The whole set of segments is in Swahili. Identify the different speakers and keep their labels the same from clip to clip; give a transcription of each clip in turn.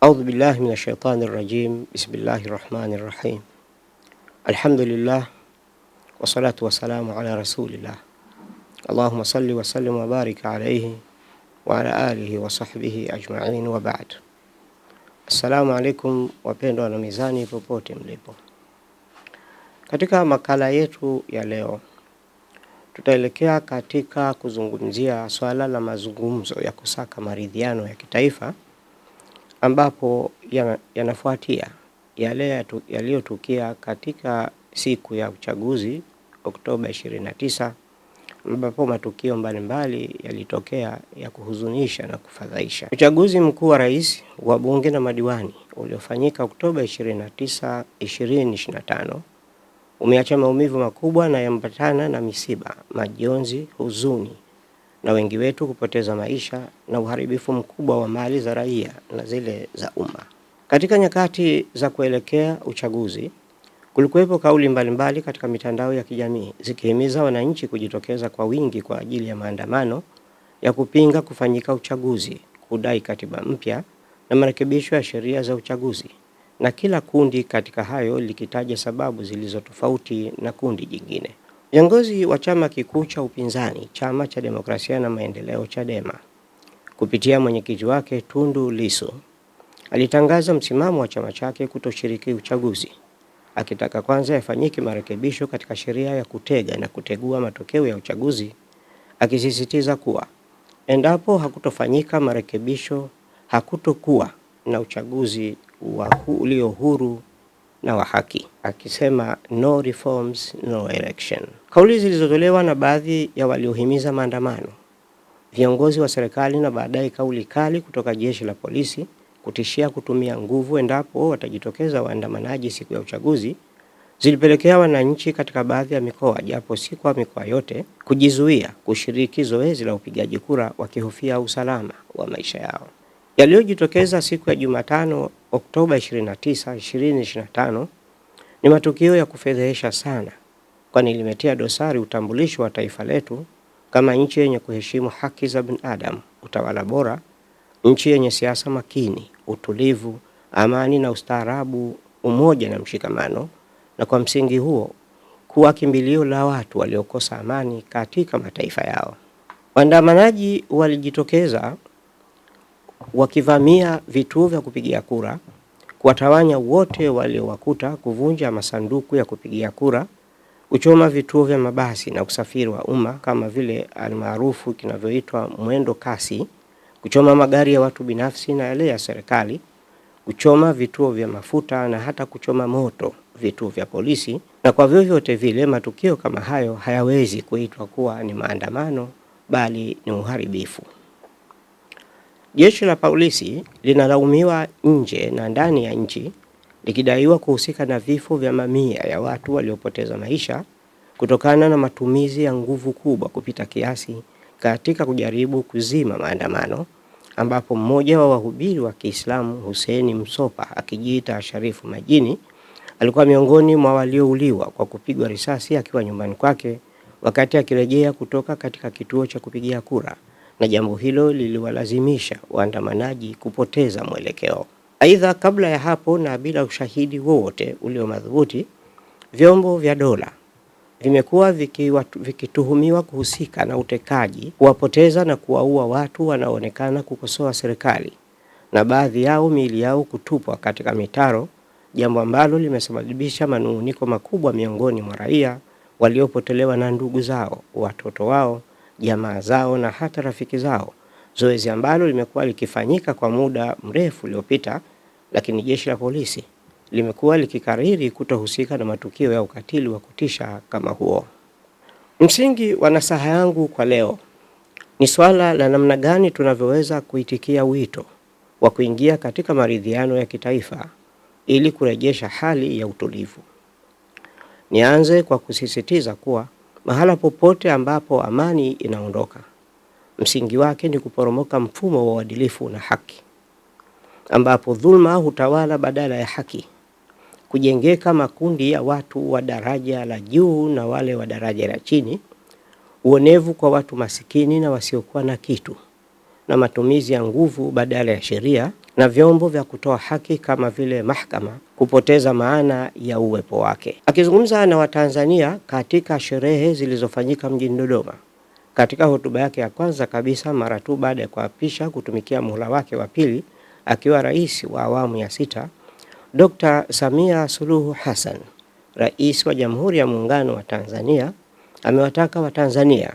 Speaker 1: Audhu billahi min shaitani rajim. Bismillahi rahmani rahim. Alhamdulillah wassalatu wassalamu ala rasulillah. Allahumma salli wasallim wabarik alaihi wa ala alihi wa sahbihi ajmain wa ba'd. Assalamu alaikum wapendwa na mizani popote mlipo, katika makala yetu ya leo Tutaelekea katika kuzungumzia swala la mazungumzo ya kusaka maridhiano ya kitaifa ambapo yanafuatia yale yaliyotukia katika siku ya uchaguzi Oktoba 29 ambapo matukio mbalimbali yalitokea ya kuhuzunisha na kufadhaisha. Uchaguzi mkuu wa rais, wa bunge na madiwani uliofanyika Oktoba 29, 2025 umeacha maumivu makubwa na yambatana na misiba, majonzi, huzuni na wengi wetu kupoteza maisha na uharibifu mkubwa wa mali za raia na zile za umma. Katika nyakati za kuelekea uchaguzi, kulikuwepo kauli mbalimbali mbali katika mitandao ya kijamii zikihimiza wananchi kujitokeza kwa wingi kwa ajili ya maandamano ya kupinga kufanyika uchaguzi, kudai katiba mpya na marekebisho ya sheria za uchaguzi na kila kundi katika hayo likitaja sababu zilizo tofauti na kundi jingine. Viongozi wa chama kikuu cha upinzani chama cha demokrasia na maendeleo Chadema kupitia mwenyekiti wake Tundu Lissu alitangaza msimamo wa chama chake kutoshiriki uchaguzi, akitaka kwanza yafanyike marekebisho katika sheria ya kutega na kutegua matokeo ya uchaguzi, akisisitiza kuwa endapo hakutofanyika marekebisho hakutokuwa na uchaguzi ulio huru na wa haki, akisema no reforms, no election. Kauli zilizotolewa na baadhi ya waliohimiza maandamano, viongozi wa serikali na baadaye kauli kali kutoka jeshi la polisi kutishia kutumia nguvu endapo watajitokeza waandamanaji siku ya uchaguzi zilipelekea wananchi katika baadhi ya mikoa, japo si kwa mikoa yote, kujizuia kushiriki zoezi la upigaji kura wakihofia usalama wa maisha yao. Yaliyojitokeza siku ya Jumatano Oktoba 29, 2025 ni matukio ya kufedhehesha sana, kwani limetia dosari utambulisho wa taifa letu kama nchi yenye kuheshimu haki za binadamu, utawala bora, nchi yenye siasa makini, utulivu, amani na ustaarabu, umoja na mshikamano, na kwa msingi huo kuwa kimbilio la watu waliokosa amani katika mataifa yao. Waandamanaji walijitokeza wakivamia vituo vya kupigia kura, kuwatawanya wote waliowakuta, kuvunja masanduku ya kupigia kura, kuchoma vituo vya mabasi na usafiri wa umma kama vile almaarufu kinavyoitwa mwendo kasi, kuchoma magari ya watu binafsi na yale ya serikali, kuchoma vituo vya mafuta na hata kuchoma moto vituo vya polisi. Na kwa vyovyote vile matukio kama hayo hayawezi kuitwa kuwa ni maandamano, bali ni uharibifu. Jeshi la polisi linalaumiwa nje na ndani ya nchi likidaiwa kuhusika na vifo vya mamia ya watu waliopoteza maisha kutokana na matumizi ya nguvu kubwa kupita kiasi katika kujaribu kuzima maandamano, ambapo mmoja wa wahubiri wa Kiislamu huseni Msopa akijiita Sharifu Majini alikuwa miongoni mwa waliouliwa kwa kupigwa risasi akiwa nyumbani kwake wakati akirejea kutoka katika kituo cha kupigia kura na jambo hilo liliwalazimisha waandamanaji kupoteza mwelekeo. Aidha, kabla ya hapo na bila ushahidi wowote ulio madhubuti, vyombo vya dola vimekuwa vikituhumiwa kuhusika na utekaji, kuwapoteza na kuwaua watu wanaoonekana kukosoa serikali na baadhi yao miili yao kutupwa katika mitaro, jambo ambalo limesababisha manung'uniko makubwa miongoni mwa raia waliopotelewa na ndugu zao, watoto wao jamaa zao na hata rafiki zao, zoezi ambalo limekuwa likifanyika kwa muda mrefu uliopita, lakini jeshi la polisi limekuwa likikariri kutohusika na matukio ya ukatili wa kutisha kama huo. Msingi wa nasaha yangu kwa leo ni swala la namna gani tunavyoweza kuitikia wito wa kuingia katika maridhiano ya kitaifa ili kurejesha hali ya utulivu. Nianze kwa kusisitiza kuwa Mahala popote ambapo amani inaondoka, msingi wake ni kuporomoka mfumo wa uadilifu na haki, ambapo dhulma hutawala badala ya haki, kujengeka makundi ya watu wa daraja la juu na wale wa daraja la chini, uonevu kwa watu masikini na wasiokuwa na kitu, na matumizi ya nguvu badala ya sheria na vyombo vya kutoa haki kama vile mahakama kupoteza maana ya uwepo wake. Akizungumza na Watanzania katika sherehe zilizofanyika mjini Dodoma, katika hotuba yake ya kwanza kabisa mara tu baada ya kuapisha kutumikia muhula wake wa pili akiwa rais wa awamu ya sita, Dr. Samia Suluhu Hassan, rais wa Jamhuri ya Muungano wa Tanzania, amewataka Watanzania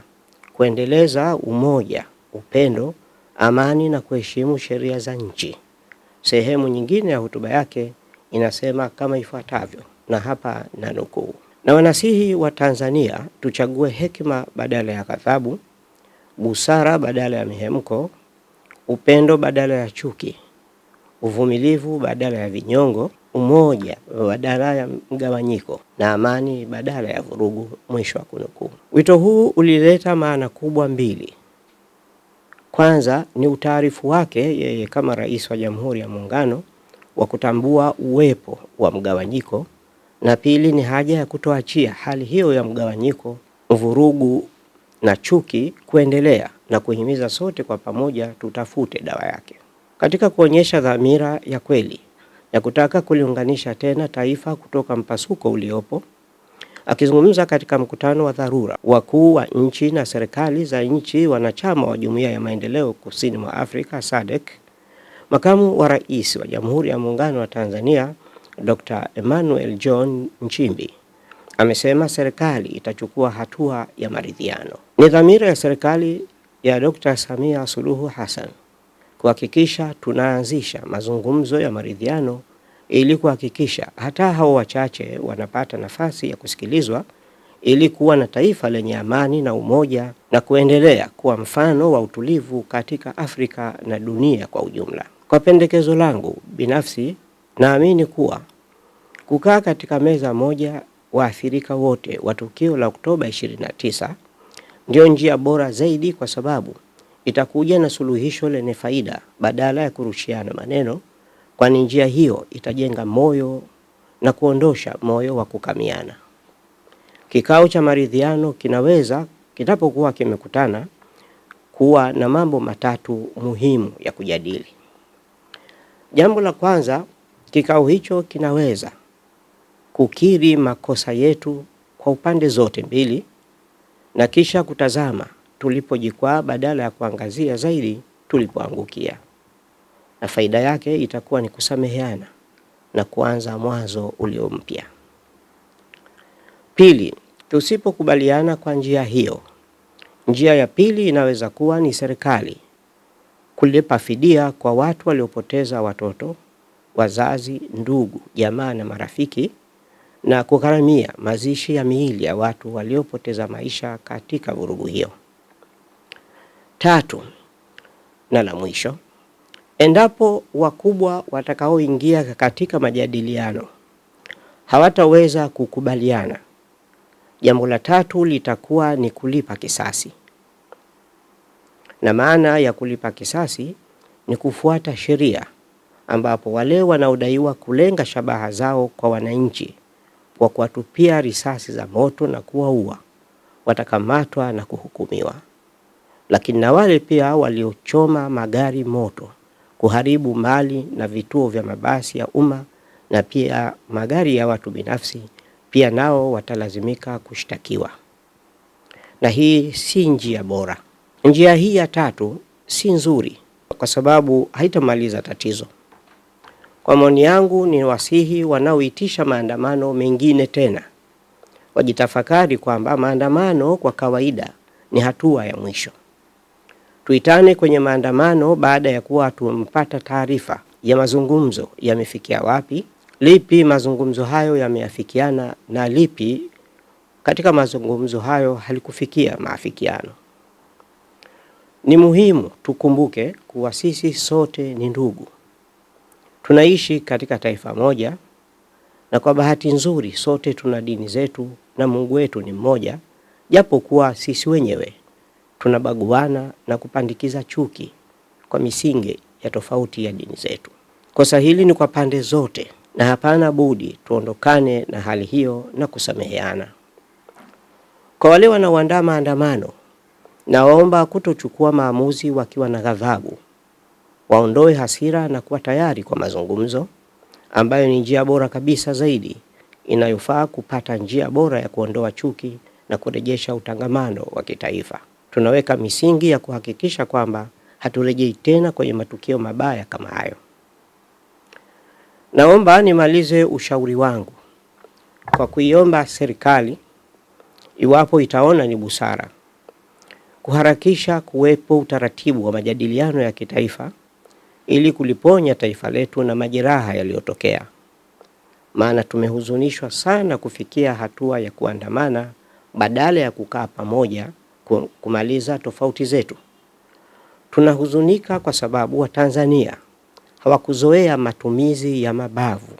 Speaker 1: kuendeleza umoja, upendo, amani na kuheshimu sheria za nchi. Sehemu nyingine ya hotuba yake inasema kama ifuatavyo, na hapa na nukuu: na wanasihi wa Tanzania tuchague hekima badala ya ghadhabu, busara badala ya mihemko, upendo badala ya chuki, uvumilivu badala ya vinyongo, umoja badala ya mgawanyiko na amani badala ya vurugu. Mwisho wa kunukuu. Wito huu ulileta maana kubwa mbili. Kwanza ni utaarifu wake yeye kama rais wa Jamhuri ya Muungano wa kutambua uwepo wa mgawanyiko, na pili ni haja ya kutoachia hali hiyo ya mgawanyiko, vurugu na chuki kuendelea na kuhimiza sote kwa pamoja tutafute dawa yake. Katika kuonyesha dhamira ya kweli ya kutaka kuliunganisha tena taifa kutoka mpasuko uliopo Akizungumza katika mkutano wa dharura, wakuu wa nchi na serikali za nchi wanachama wa Jumuiya ya Maendeleo Kusini mwa Afrika SADC, makamu wa rais wa Jamhuri ya Muungano wa Tanzania Dr. Emmanuel John Nchimbi amesema serikali itachukua hatua ya maridhiano. Ni dhamira ya serikali ya Dr. Samia Suluhu Hassan kuhakikisha tunaanzisha mazungumzo ya maridhiano ili kuhakikisha hata hao wachache wanapata nafasi ya kusikilizwa ili kuwa na taifa lenye amani na umoja na kuendelea kuwa mfano wa utulivu katika Afrika na dunia kwa ujumla. Kwa pendekezo langu binafsi, naamini kuwa kukaa katika meza moja waathirika wote wa tukio la Oktoba 29 ndio njia bora zaidi, kwa sababu itakuja na suluhisho lenye faida badala ya kurushiana maneno kwani njia hiyo itajenga moyo na kuondosha moyo wa kukamiana. Kikao cha maridhiano kinaweza kinapokuwa kimekutana kuwa na mambo matatu muhimu ya kujadili. Jambo la kwanza, kikao hicho kinaweza kukiri makosa yetu kwa upande zote mbili na kisha kutazama tulipojikwaa badala ya kuangazia zaidi tulipoangukia na faida yake itakuwa ni kusameheana na kuanza mwanzo ulio mpya. Pili, tusipokubaliana kwa njia hiyo, njia ya pili inaweza kuwa ni serikali kulipa fidia kwa watu waliopoteza watoto, wazazi, ndugu, jamaa na marafiki na kugharamia mazishi ya miili ya watu waliopoteza maisha katika vurugu hiyo. Tatu na la mwisho Endapo wakubwa watakaoingia katika majadiliano hawataweza kukubaliana, jambo la tatu litakuwa ni kulipa kisasi, na maana ya kulipa kisasi ni kufuata sheria, ambapo wale wanaodaiwa kulenga shabaha zao kwa wananchi kwa kuwatupia risasi za moto na kuwaua watakamatwa na kuhukumiwa, lakini na wale pia waliochoma magari moto kuharibu mali na vituo vya mabasi ya umma na pia magari ya watu binafsi, pia nao watalazimika kushtakiwa, na hii si njia bora. Njia hii ya tatu si nzuri, kwa sababu haitamaliza tatizo. Kwa maoni yangu, ni wasihi wanaoitisha maandamano mengine tena wajitafakari kwamba maandamano kwa kawaida ni hatua ya mwisho tuitane kwenye maandamano baada ya kuwa tumepata taarifa ya mazungumzo yamefikia wapi, lipi mazungumzo hayo yameafikiana na lipi katika mazungumzo hayo halikufikia maafikiano. Ni muhimu tukumbuke kuwa sisi sote ni ndugu, tunaishi katika taifa moja, na kwa bahati nzuri sote tuna dini zetu na Mungu wetu ni mmoja, japo kuwa sisi wenyewe tunabaguana na kupandikiza chuki kwa misingi ya tofauti ya dini zetu. Kosa hili ni kwa pande zote na hapana budi tuondokane na hali hiyo na kusameheana. Kwa wale wanaoandaa maandamano, nawaomba kutochukua maamuzi wakiwa na ghadhabu, waondoe hasira na kuwa tayari kwa mazungumzo, ambayo ni njia bora kabisa zaidi inayofaa kupata njia bora ya kuondoa chuki na kurejesha utangamano wa kitaifa tunaweka misingi ya kuhakikisha kwamba haturejei tena kwenye matukio mabaya kama hayo. Naomba nimalize ushauri wangu kwa kuiomba serikali, iwapo itaona ni busara, kuharakisha kuwepo utaratibu wa majadiliano ya kitaifa ili kuliponya taifa letu na majeraha yaliyotokea, maana tumehuzunishwa sana kufikia hatua ya kuandamana badala ya kukaa pamoja kumaliza tofauti zetu. Tunahuzunika kwa sababu Watanzania hawakuzoea matumizi ya mabavu,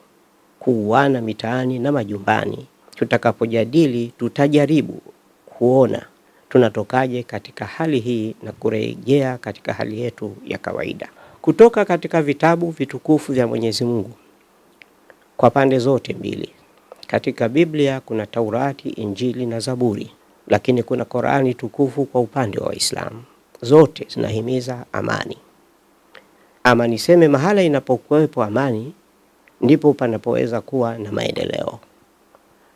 Speaker 1: kuuana mitaani na majumbani. Tutakapojadili tutajaribu kuona tunatokaje katika hali hii na kurejea katika hali yetu ya kawaida. Kutoka katika vitabu vitukufu vya Mwenyezi Mungu kwa pande zote mbili. Katika Biblia kuna Taurati, Injili na Zaburi lakini kuna Qur'ani tukufu kwa upande wa Waislamu, zote zinahimiza amani. Ama niseme mahala inapokuwepo amani ndipo panapoweza kuwa na maendeleo,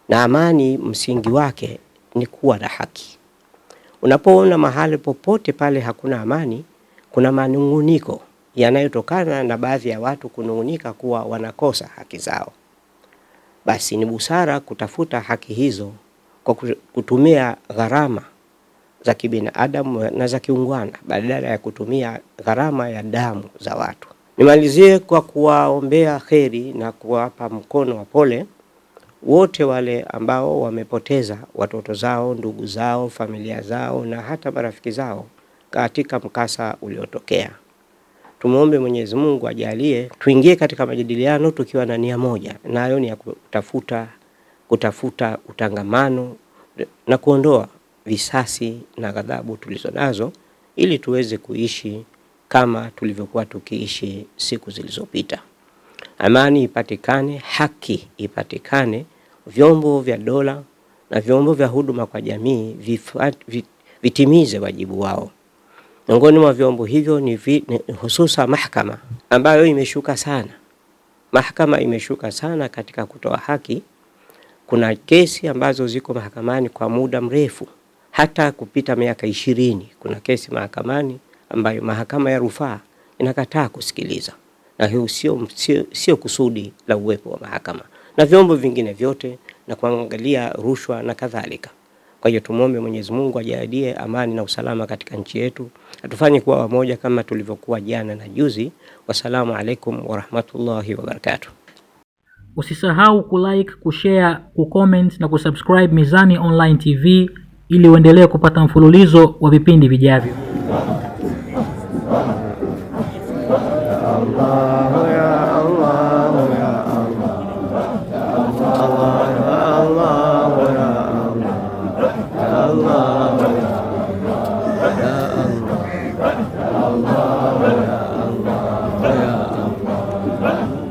Speaker 1: na amani msingi wake ni kuwa na haki. Unapoona mahali popote pale hakuna amani, kuna manunguniko yanayotokana na baadhi ya watu kunungunika kuwa wanakosa haki zao, basi ni busara kutafuta haki hizo kwa kutumia gharama za kibinadamu na za kiungwana badala ya kutumia gharama ya damu za watu. Nimalizie kwa kuwaombea kheri na kuwapa mkono wa pole wote wale ambao wamepoteza watoto zao, ndugu zao, familia zao na hata marafiki zao katika mkasa uliotokea. Tumwombe Mwenyezi Mungu ajalie tuingie katika majadiliano tukiwa na nia moja, nayo ni ya kutafuta kutafuta utangamano na kuondoa visasi na ghadhabu tulizo nazo ili tuweze kuishi kama tulivyokuwa tukiishi siku zilizopita. Amani ipatikane, haki ipatikane, vyombo vya dola na vyombo vya huduma kwa jamii vitimize wajibu wao. Miongoni mwa vyombo hivyo ni, vi, ni hususa mahakama ambayo imeshuka sana. Mahakama imeshuka sana katika kutoa haki. Kuna kesi ambazo ziko mahakamani kwa muda mrefu hata kupita miaka ishirini. Kuna kesi mahakamani ambayo mahakama ya rufaa inakataa kusikiliza, na hiyo sio, sio, sio kusudi la uwepo wa mahakama na vyombo vingine vyote na kuangalia rushwa na kadhalika. Kwa hiyo tumwombe Mwenyezi Mungu ajalie amani na usalama katika nchi yetu, atufanye kuwa wamoja kama tulivyokuwa jana na juzi. Wassalamu alaikum warahmatullahi wabarakatuh.
Speaker 2: Usisahau kulike, kushare, kucomment na kusubscribe Mizani Online TV ili uendelee kupata mfululizo wa vipindi vijavyo.